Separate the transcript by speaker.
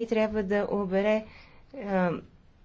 Speaker 1: и трябва да обере